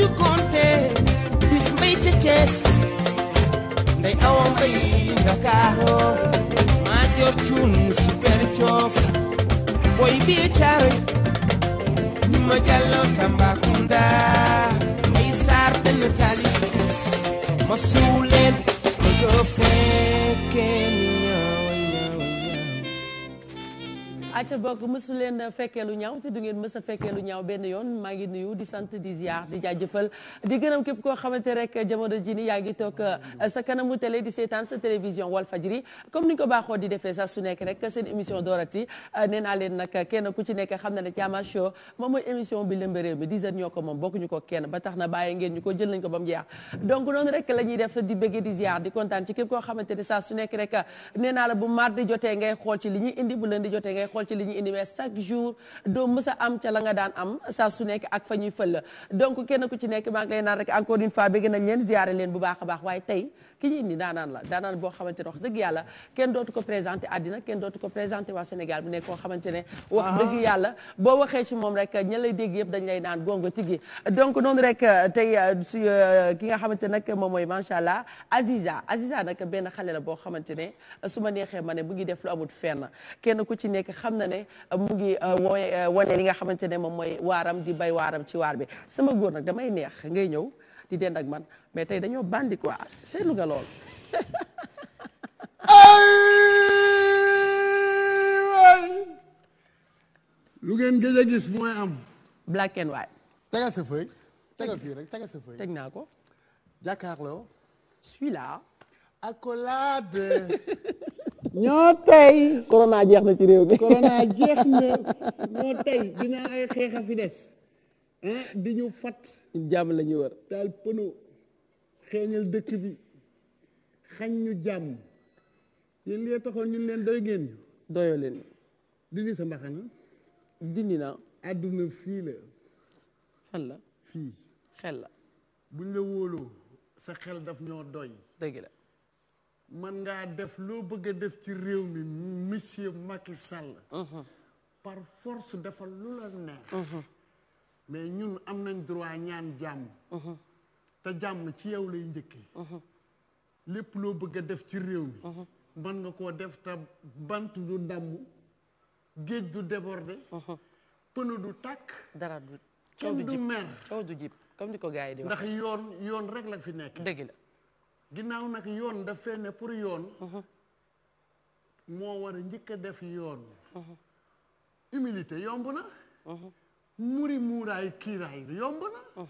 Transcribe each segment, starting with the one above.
du konte bis mbay ca Cees ndey awa mbay Ndakaaro maa jor cuun super coof boy bi caare ñu ma jàlloo Tambacounda acca bokk mësu leen fekkee lu ñaaw te du ngeen mës a fekkee lu ñaaw benn yoon maa di sant di ziar di jaajëfal di gërëm képp koo xamante rek jamono ji ni yaa ngi toog uh, sa kanamu télé di seetaan sa télévision Walfadjri comme ni ñu ko baaxoo di defee sax su nekk rek seen émission doorati uh, kenn ku nekk xam ne Thiamas Show moom moom bokkuñu ko kenn ba tax na ba mu jeex donc noonu rek la ñuy def di bëggee di ziar ne saa su nekk rek nee naa la bu mardi jotee ngay xool ci li ñuy indi bu leen di jotee xool attention ci li ñu chaque jour doo mës a am ca la nga daan am saa su nekk ak fa ñuy fël donc kenn ku ci nekk maa ngi lay naan rek encore une fois bëgg nañ leen ziyaare leen bu baax a baax waaye tey ki ñu indi daanaan la daanaan boo xamante ne wax dëgg yàlla kenn dootu ko présenté àddina kenn dootu ko présenté waa Sénégal bu nekk koo wax ah. dëgg yàlla boo waxee ci moom rek ña lay dégg yëpp dañ lay naan gongo tigi donc noonu rek euh, tey euh, su euh, ki nga xamante nag moom mooy macha allah Aziza Aziza nag benn xale la boo xamante ne su ma neexee ma ne bu ngi def lu amut fenn xam na ne euh, mu ngi euh, wooy euh, wane li nga xamante ne moom mooy waaram di bay waaram ci waar bi sama góor nag damay neex ngay ñëw di dend ak man mais tey dañoo bandi quoi seetlu nga lool lu ngeen gëj a gis mooy am black and white tegal sa fëy tegal fii rek tegal sa fëy teg naa ko jàkkaarloo suis là accolade ñoo tey. corona jeex na ci réew mi. corona jeex na ñoo tey dina ay xeex a di ñu fat. jàmm la ñu war. taal pëno xeeñal dëkk bi xañ ñu jàmm yéen liy taxoon ñun leen doy génn doyoo leen. dindi sa mbaxana. dindi naa. àdduna fii la. xel la fii. xel la. buñ la wóoloo sa xel daf ñoo doy. dëgg la. mën ngaa def loo bëgg def ci réew mi monsieur Macky Sall. Uh-huh. par force dafa lu la neex. Uh-huh. mais ñun am nañ droit ñaan jàmm. Uh-huh. te jàmm ci yow lay njëkkee. lépp loo bëgg def ci réew mi. mën nga koo def te bant du damm géej du déborder. pënu du tàkk. dara du coow du jib kenn ndax yoon yoon rek la fi nekk. dëgg ginnaaw nag yoon daf fee pour yoon mhm. moo war a njëkk a def yoon mhm. humilité yomb na mhm. muri muuraay kiiraay yomb na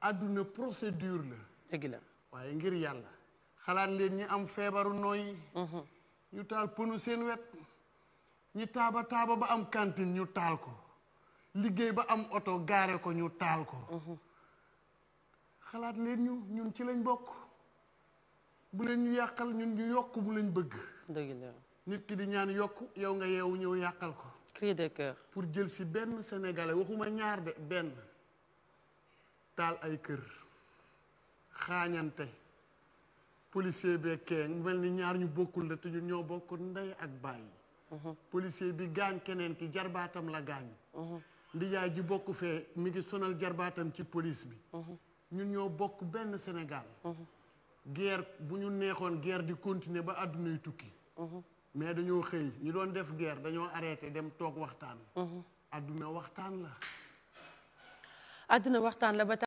àdduna procédure la dëgg waaye ngir yàlla xalaat leen ñi am feebaru nooy ñu taal pënu seen wet ñi taaba taaba ba am cantine ñu taal ko liggéey ba am oto gaare ko ñu taal ko xalaat leen ñu ñun ci lañ bokk bu leen ñu yàqal ñun ñu yokk mu lañ bëgg. dëgg la nit ki di ñaan yokk yow nga yeewu ñëw yàqal ko. cri de pour jël si benn sénégalais waxuma ñaar de benn taal ay kër xaañante policier bee kee mu mel ni ñaar ñu bokkul la te ñun ñoo bokk ndey ak bàyyi. Mhm. policier bi gaañ keneen ki jarbaatam la gaañ. Mhm. ndijaay ji bokk fee mi ngi sonal jarbaatam ci police bi. Mhm. ñun ñoo bokk benn Sénégal. guerre bu ñu neexoon guerre di continuer ba àdduna yu tukki mais dañoo xëy ñu doon def guerre dañoo arrêté dem toog waxtaan mhm. àdduna waxtaan la àdduna waxtaan la ba